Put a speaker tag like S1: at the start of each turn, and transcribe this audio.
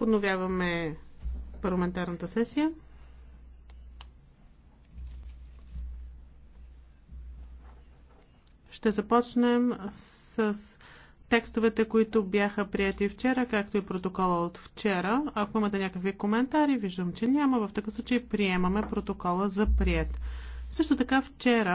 S1: Подновяваме парламентарната сесия. Ще започнем с текстовете, които бяха прияти вчера, както и протокола от вчера. Ако имате някакви коментари, виждам, че няма. В такъв случай приемаме протокола за прият. Също така вчера